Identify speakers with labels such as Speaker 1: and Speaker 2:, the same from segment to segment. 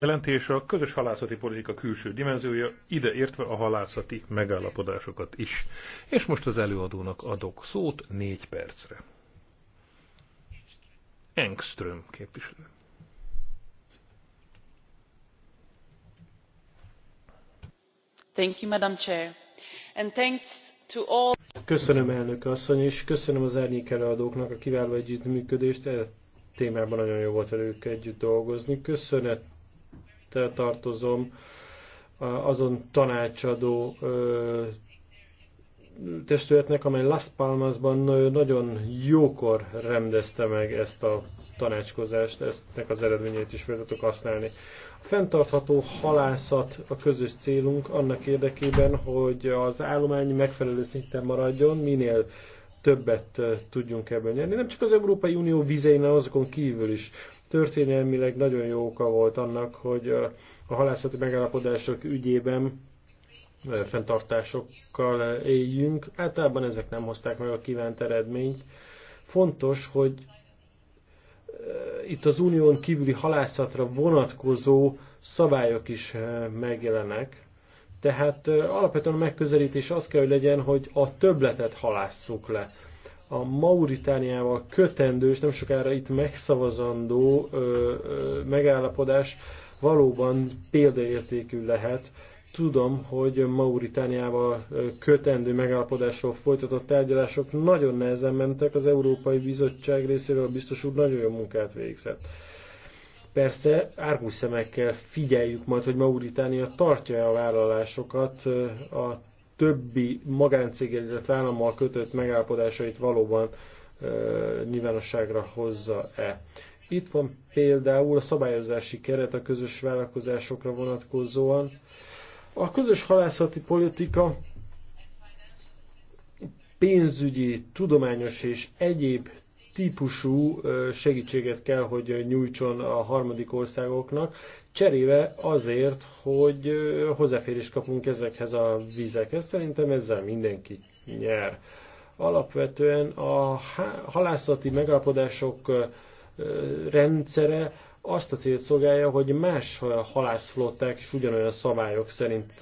Speaker 1: Jelentése a közös halászati politika külső dimenziója, ide értve a halászati megállapodásokat is. És most az előadónak adok szót négy percre. Engström képviselő.
Speaker 2: Thank you, Madam Chair. And thanks to all...
Speaker 3: Köszönöm elnök asszony, és köszönöm az árnyék előadóknak a kiváló együttműködést. E témában nagyon jó volt velük együtt dolgozni. Köszönet tartozom, azon tanácsadó testületnek, amely Las Palmasban nagyon jókor rendezte meg ezt a tanácskozást, eztnek az eredményeit is fel tudok használni. A fenntartható halászat a közös célunk annak érdekében, hogy az állomány megfelelő szinten maradjon, minél többet tudjunk ebből nyerni. Nem csak az Európai Unió vizein, azokon kívül is. Történelmileg nagyon jó oka volt annak, hogy a halászati megállapodások ügyében fenntartásokkal éljünk. Általában ezek nem hozták meg a kívánt eredményt. Fontos, hogy itt az unión kívüli halászatra vonatkozó szabályok is megjelenek. Tehát alapvetően a megközelítés az kell, hogy legyen, hogy a többletet halásszuk le a Mauritániával kötendő és nem sokára itt megszavazandó ö, ö, megállapodás valóban példaértékű lehet. Tudom, hogy Mauritániával kötendő megállapodásról folytatott tárgyalások nagyon nehezen mentek, az Európai Bizottság részéről biztos úr nagyon jó munkát végzett. Persze árgus szemekkel figyeljük majd, hogy Mauritánia tartja -e a vállalásokat a többi magáncéggel, illetve állammal kötött megállapodásait valóban e, nyilvánosságra hozza-e. Itt van például a szabályozási keret a közös vállalkozásokra vonatkozóan. A közös halászati politika pénzügyi, tudományos és egyéb típusú segítséget kell, hogy nyújtson a harmadik országoknak, cserébe azért, hogy hozzáférést kapunk ezekhez a vízekhez. Szerintem ezzel mindenki nyer. Alapvetően a halászati megállapodások rendszere azt a célt szolgálja, hogy más halászflották is ugyanolyan szabályok szerint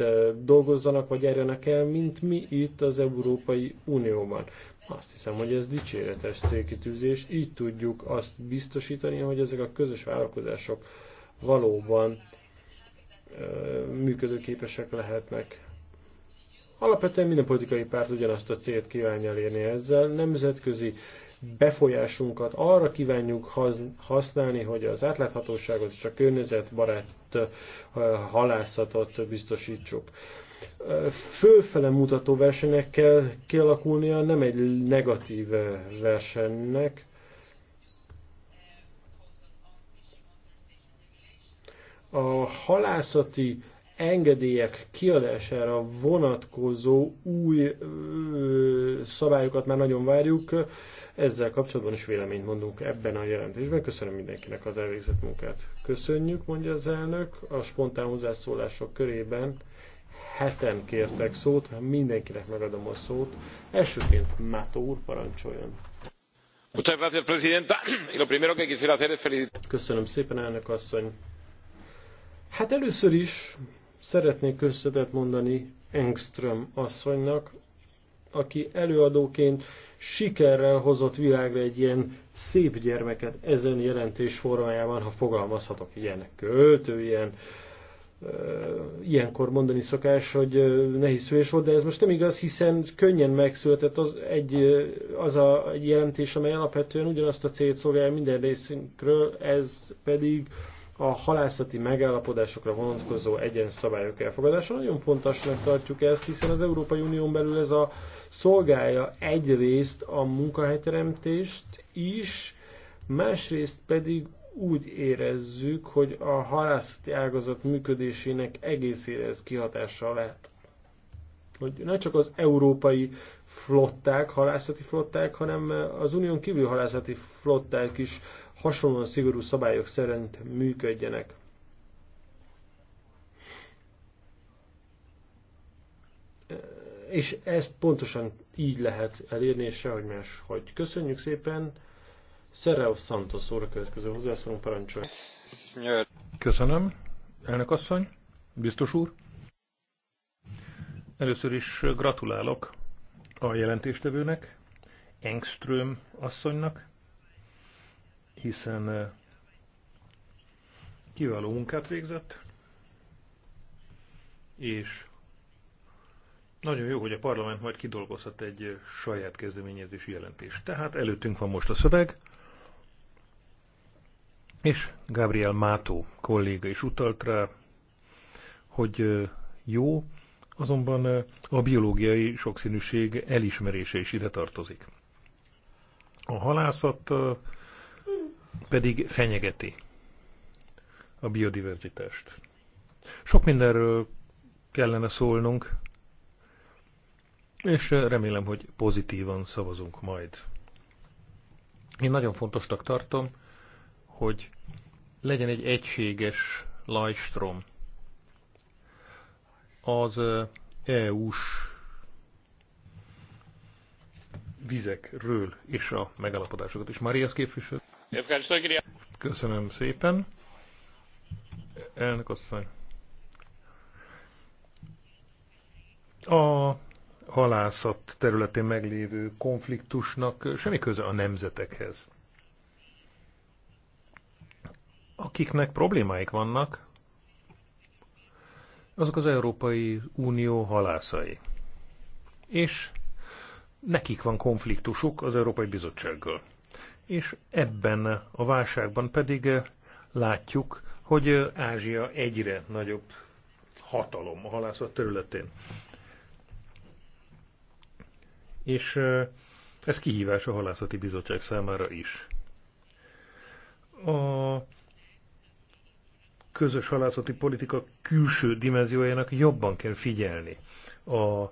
Speaker 3: dolgozzanak, vagy erjenek el, mint mi itt az Európai Unióban. Azt hiszem, hogy ez dicséretes célkitűzés, így tudjuk azt biztosítani, hogy ezek a közös vállalkozások valóban működőképesek lehetnek. Alapvetően minden politikai párt ugyanazt a célt kívánja elérni ezzel. Nemzetközi befolyásunkat arra kívánjuk használni, hogy az átláthatóságot és a környezetbarát halászatot biztosítsuk. Fölfele mutató versenyekkel kell kialakulnia, nem egy negatív versenynek, a halászati engedélyek kiadására vonatkozó új ö, szabályokat már nagyon várjuk. Ezzel kapcsolatban is véleményt mondunk ebben a jelentésben. Köszönöm mindenkinek az elvégzett munkát. Köszönjük, mondja az elnök. A spontán hozzászólások körében heten kértek szót, mindenkinek megadom a szót. Elsőként Mátó úr parancsoljon. Köszönöm szépen, elnök asszony. Hát először is szeretnék köszönetet mondani Engström asszonynak, aki előadóként sikerrel hozott világra egy ilyen szép gyermeket ezen jelentés formájában, ha fogalmazhatok ilyen költő, ilyen ilyenkor mondani szokás, hogy nehéz szülés volt, de ez most nem igaz, hiszen könnyen megszületett az, egy, az a jelentés, amely alapvetően ugyanazt a célt szolgálja minden részünkről, ez pedig a halászati megállapodásokra vonatkozó egyen szabályok elfogadása. Nagyon fontosnak tartjuk ezt, hiszen az Európai Unión belül ez a szolgálja egyrészt a munkahelyteremtést is, másrészt pedig úgy érezzük, hogy a halászati ágazat működésének egészére ez kihatással lehet. Hogy ne csak az európai flották, halászati flották, hanem az unión kívül halászati flották is hasonlóan szigorú szabályok szerint működjenek. És ezt pontosan így lehet elérni, és sehogy hogy Köszönjük szépen! Szerel Santos szóra következő hozzászólunk parancsol.
Speaker 1: Köszönöm, elnök asszony, biztos úr. Először is gratulálok a jelentéstevőnek, Engström asszonynak, hiszen kiváló munkát végzett, és nagyon jó, hogy a parlament majd kidolgozhat egy saját kezdeményezési jelentést. Tehát előttünk van most a szöveg, és Gabriel Mátó kolléga is utalt rá, hogy jó, azonban a biológiai sokszínűség elismerése is ide tartozik. A halászat pedig fenyegeti a biodiverzitást. Sok mindenről kellene szólnunk, és remélem, hogy pozitívan szavazunk majd. Én nagyon fontosnak tartom, hogy legyen egy egységes lajstrom az EU-s vizekről és a megalapodásokat is. Marias képviselő. Köszönöm szépen. Elnök asszony. A halászat területén meglévő konfliktusnak semmi köze a nemzetekhez. Akiknek problémáik vannak, azok az Európai Unió halászai. És nekik van konfliktusuk az Európai Bizottsággal és ebben a válságban pedig eh, látjuk, hogy eh, Ázsia egyre nagyobb hatalom a halászat területén. És eh, ez kihívás a halászati bizottság számára is. A közös halászati politika külső dimenziójának jobban kell figyelni a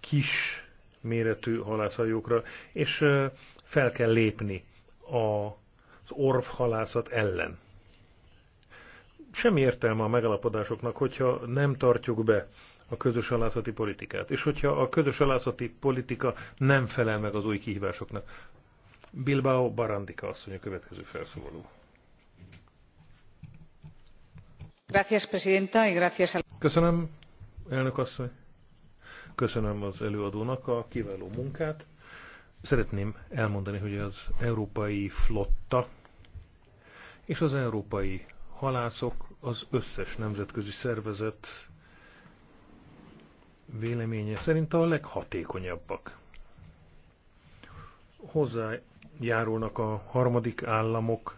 Speaker 1: kis méretű halászhajókra, és fel kell lépni a az orvhalászat ellen. Semmi értelme a megalapodásoknak, hogyha nem tartjuk be a közös halászati politikát, és hogyha a közös halászati politika nem felel meg az új kihívásoknak. Bilbao Barandika asszony a következő felszólaló. Köszönöm, elnök asszony. Köszönöm az előadónak a kiváló munkát. Szeretném elmondani, hogy az európai flotta és az európai halászok, az összes nemzetközi szervezet véleménye szerint a leghatékonyabbak. Hozzájárulnak a harmadik államok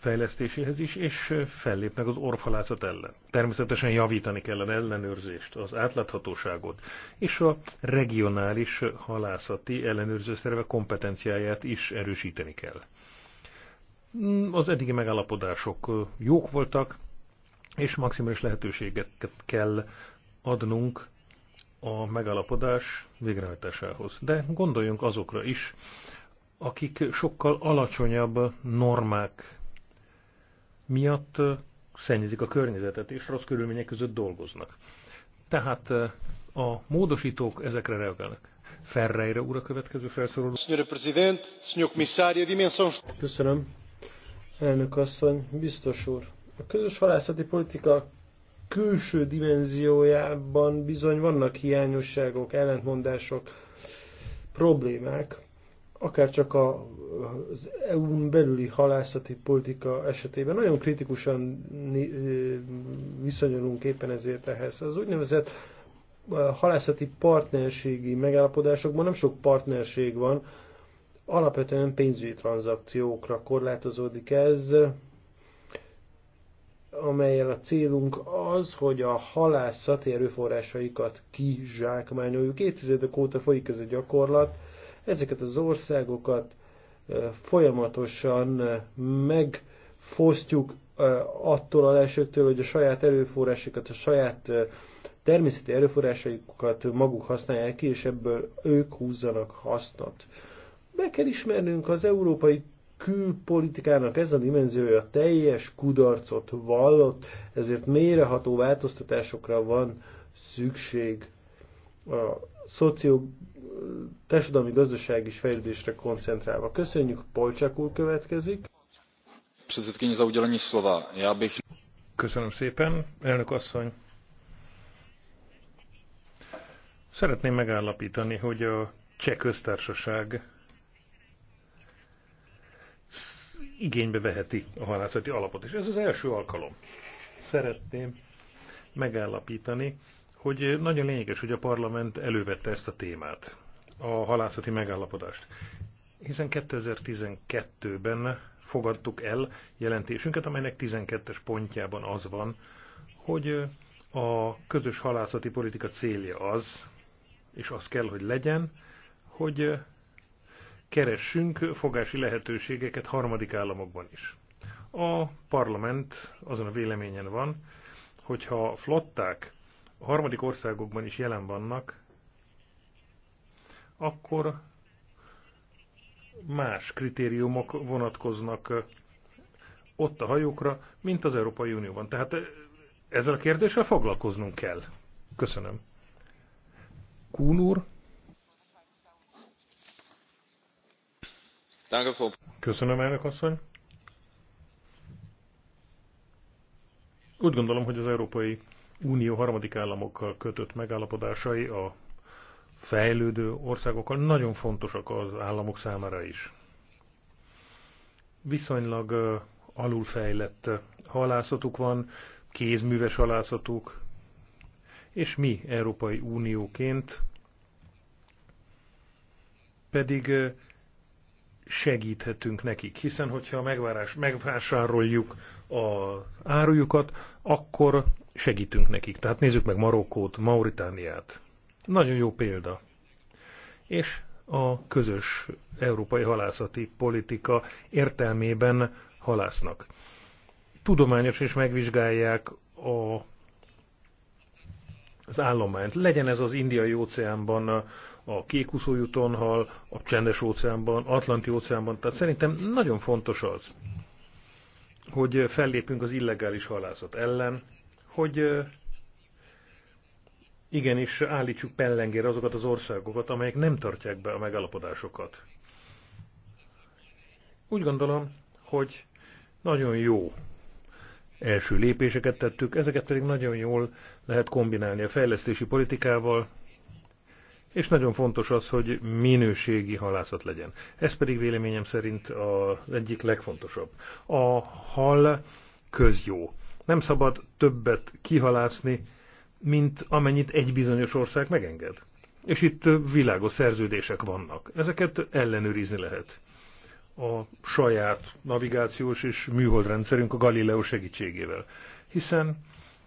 Speaker 1: fejlesztéséhez is, és fellépnek az orfalászat ellen. Természetesen javítani kellene ellenőrzést, az átláthatóságot, és a regionális halászati ellenőrző szerve kompetenciáját is erősíteni kell. Mm, az eddigi megállapodások jók voltak, és maximális lehetőségeket kell adnunk a megállapodás végrehajtásához. De gondoljunk azokra is, akik sokkal alacsonyabb normák miatt szennyezik a környezetet, és rossz körülmények között dolgoznak. Tehát a módosítók ezekre reagálnak. Ferreira úr a következő felszólaló.
Speaker 3: Köszönöm. Elnök asszony, biztos úr. A közös halászati politika külső dimenziójában bizony vannak hiányosságok, ellentmondások, problémák akár csak a, az EU-n belüli halászati politika esetében nagyon kritikusan viszonyulunk éppen ezért ehhez. Az úgynevezett halászati partnerségi megállapodásokban nem sok partnerség van, alapvetően pénzügyi tranzakciókra korlátozódik ez, amelyel a célunk az, hogy a halászati erőforrásaikat kizsákmányoljuk. Évtizedek óta folyik ez a gyakorlat, Ezeket az országokat folyamatosan megfosztjuk attól a lesőktől, hogy a saját erőforrásokat, a saját természeti erőforrásaikat maguk használják ki, és ebből ők húzzanak hasznot. Be kell ismernünk az európai külpolitikának ez a dimenziója teljes kudarcot vallott, ezért mélyreható változtatásokra van szükség szoció társadalmi gazdaság is fejlődésre koncentrálva. Köszönjük, Polcsák úr következik.
Speaker 1: Předsedkyně za udělení slova. Já bych... Köszönöm szépen, elnök asszony. Szeretném megállapítani, hogy a cseh köztársaság igénybe veheti a halászati alapot, és ez az első alkalom. Szeretném megállapítani, hogy nagyon lényeges, hogy a parlament elővette ezt a témát, a halászati megállapodást. Hiszen 2012-ben fogadtuk el jelentésünket, amelynek 12-es pontjában az van, hogy a közös halászati politika célja az, és az kell, hogy legyen, hogy keressünk fogási lehetőségeket harmadik államokban is. A parlament azon a véleményen van, hogyha flották a harmadik országokban is jelen vannak, akkor más kritériumok vonatkoznak ott a hajókra, mint az Európai Unióban. Tehát ezzel a kérdéssel foglalkoznunk kell. Köszönöm. Kún úr? Köszönöm, elnök asszony. Úgy gondolom, hogy az Európai Unió harmadik államokkal kötött megállapodásai a fejlődő országokkal nagyon fontosak az államok számára is. Viszonylag alulfejlett halászatuk van, kézműves halászatuk, és mi Európai Unióként pedig segíthetünk nekik, hiszen hogyha megvárás, megvásároljuk az árujukat, akkor segítünk nekik. Tehát nézzük meg Marokkót, Mauritániát. Nagyon jó példa. És a közös európai halászati politika értelmében halásznak. Tudományos és megvizsgálják a, az állományt. Legyen ez az indiai óceánban, a kékuszó hal, a csendes óceánban, atlanti óceánban. Tehát szerintem nagyon fontos az, hogy fellépünk az illegális halászat ellen, hogy igenis állítsuk pellengére azokat az országokat, amelyek nem tartják be a megállapodásokat. Úgy gondolom, hogy nagyon jó első lépéseket tettük, ezeket pedig nagyon jól lehet kombinálni a fejlesztési politikával, és nagyon fontos az, hogy minőségi halászat legyen. Ez pedig véleményem szerint az egyik legfontosabb. A hal közjó. Nem szabad többet kihalászni, mint amennyit egy bizonyos ország megenged. És itt világos szerződések vannak. Ezeket ellenőrizni lehet. A saját navigációs és műholdrendszerünk a Galileo segítségével. Hiszen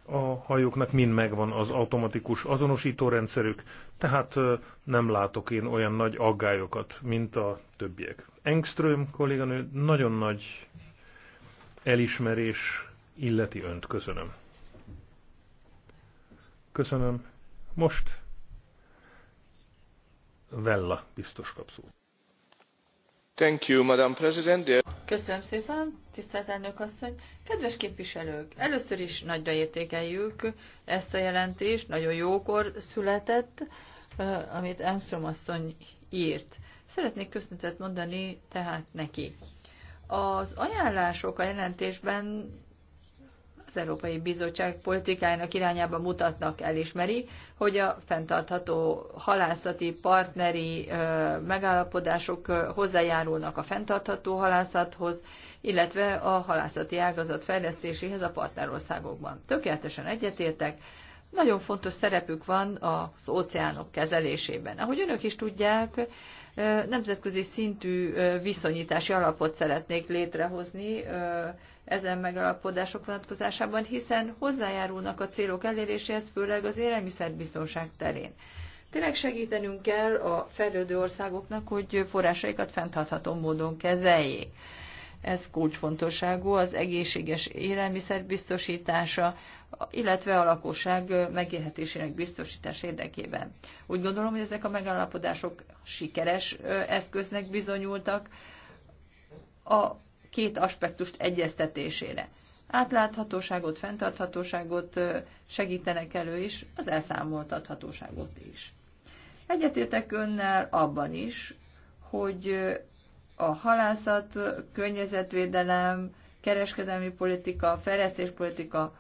Speaker 1: a hajóknak mind megvan az automatikus azonosítórendszerük, tehát nem látok én olyan nagy aggályokat, mint a többiek. Engström kolléganő nagyon nagy elismerés illeti önt. Köszönöm. Köszönöm. Most Vella biztos kapszó. Thank you, Madam President.
Speaker 2: Köszönöm szépen, tisztelt elnök asszony. Kedves képviselők, először is nagyra értékeljük ezt a jelentést, nagyon jókor született, amit Armstrong asszony írt. Szeretnék köszönetet mondani tehát neki. Az ajánlások a jelentésben az Európai Bizottság politikájának irányába mutatnak, elismeri, hogy a fenntartható halászati partneri megállapodások hozzájárulnak a fenntartható halászathoz, illetve a halászati ágazat fejlesztéséhez a partnerországokban. Tökéletesen egyetértek, nagyon fontos szerepük van az óceánok kezelésében. Ahogy önök is tudják, nemzetközi szintű viszonyítási alapot szeretnék létrehozni ezen megalapodások vonatkozásában, hiszen hozzájárulnak a célok eléréséhez, főleg az élelmiszerbiztonság terén. Tényleg segítenünk kell a fejlődő országoknak, hogy forrásaikat fenntartható módon kezeljék. Ez kulcsfontosságú az egészséges élelmiszer biztosítása, illetve a lakosság megélhetésének biztosítás érdekében. Úgy gondolom, hogy ezek a megállapodások sikeres eszköznek bizonyultak. A két aspektust egyeztetésére. Átláthatóságot, fenntarthatóságot segítenek elő is, az elszámoltathatóságot is. Egyetértek önnel abban is, hogy a halászat, környezetvédelem, kereskedelmi politika, fejlesztéspolitika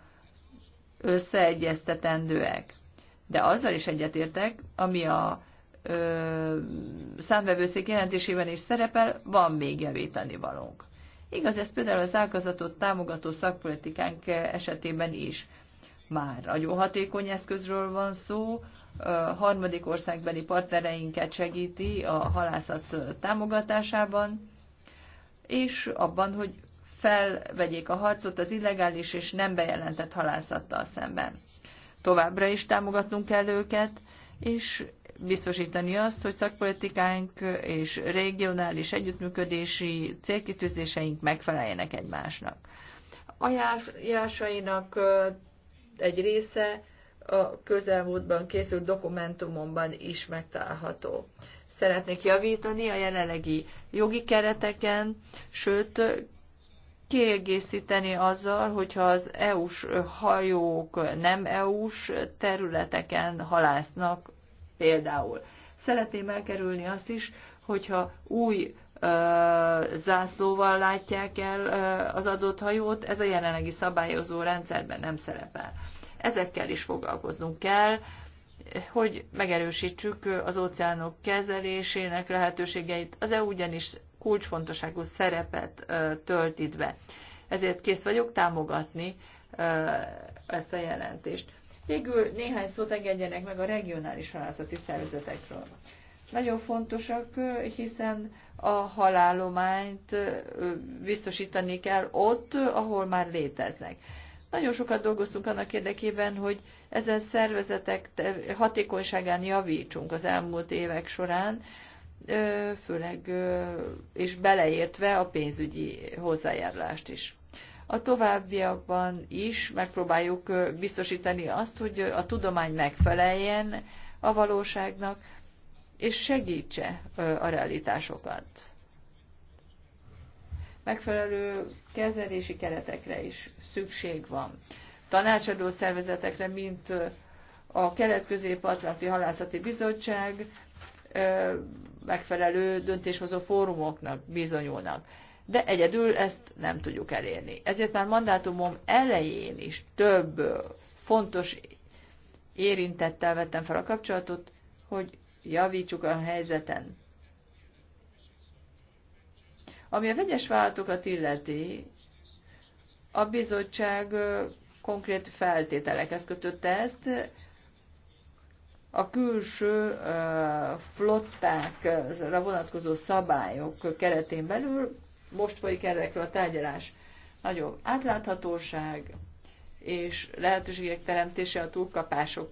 Speaker 2: összeegyeztetendőek. De azzal is egyetértek, ami a számvevőszék jelentésében is szerepel, van még javítani valónk. Igaz ez például az ágazatot támogató szakpolitikánk esetében is. Már nagyon hatékony eszközről van szó, a harmadik országbeli partnereinket segíti a halászat támogatásában, és abban, hogy felvegyék a harcot az illegális és nem bejelentett halászattal szemben. Továbbra is támogatnunk kell őket, és biztosítani azt, hogy szakpolitikánk és regionális együttműködési célkitűzéseink megfeleljenek egymásnak. Ajánlásainak egy része a közelmúltban készült dokumentumomban is megtalálható. Szeretnék javítani a jelenlegi jogi kereteken, sőt, kiegészíteni azzal, hogyha az EU-s hajók nem EU-s területeken halásznak Például szeretném elkerülni azt is, hogyha új ö, zászlóval látják el ö, az adott hajót, ez a jelenlegi szabályozó rendszerben nem szerepel. Ezekkel is foglalkoznunk kell, hogy megerősítsük az óceánok kezelésének lehetőségeit. Az EU ugyanis kulcsfontosságú szerepet ö, tölt itt be. Ezért kész vagyok támogatni ezt a jelentést. Végül néhány szót engedjenek meg a regionális halászati szervezetekről. Nagyon fontosak, hiszen a halálományt biztosítani kell ott, ahol már léteznek. Nagyon sokat dolgoztunk annak érdekében, hogy ezen szervezetek hatékonyságán javítsunk az elmúlt évek során, főleg és beleértve a pénzügyi hozzájárulást is. A továbbiakban is megpróbáljuk biztosítani azt, hogy a tudomány megfeleljen a valóságnak, és segítse a realitásokat. Megfelelő kezelési keretekre is szükség van. Tanácsadó szervezetekre, mint a Kelet-Közép-Atlanti Halászati Bizottság megfelelő döntéshozó fórumoknak bizonyulnak de egyedül ezt nem tudjuk elérni. Ezért már mandátumom elején is több fontos érintettel vettem fel a kapcsolatot, hogy javítsuk a helyzeten. Ami a vegyes váltokat illeti, a bizottság konkrét feltételekhez kötötte ezt, a külső flottákra vonatkozó szabályok keretén belül most folyik ezekről a tárgyalás. Nagyobb átláthatóság és lehetőségek teremtése a túlkapások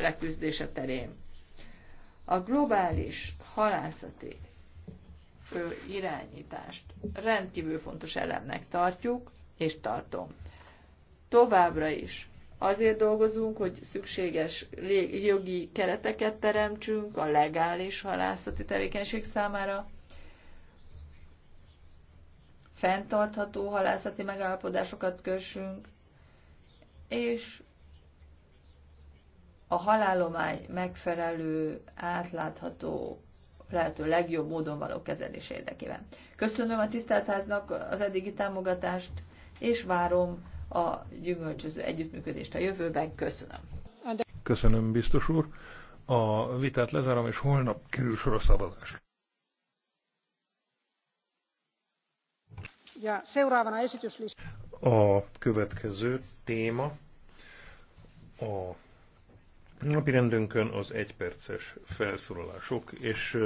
Speaker 2: leküzdése terén. A globális halászati irányítást rendkívül fontos elemnek tartjuk, és tartom. Továbbra is azért dolgozunk, hogy szükséges jogi kereteket teremtsünk a legális halászati tevékenység számára, fenntartható halászati megállapodásokat kössünk, és a halálomány megfelelő, átlátható, lehető legjobb módon való kezelés érdekében. Köszönöm a tiszteltháznak az eddigi támogatást, és várom a gyümölcsöző együttműködést a jövőben. Köszönöm.
Speaker 1: Köszönöm, biztos úr. A vitát lezárom, és holnap kerül sor a szavazásra. A következő téma a napirendünkön az egyperces felszólalások és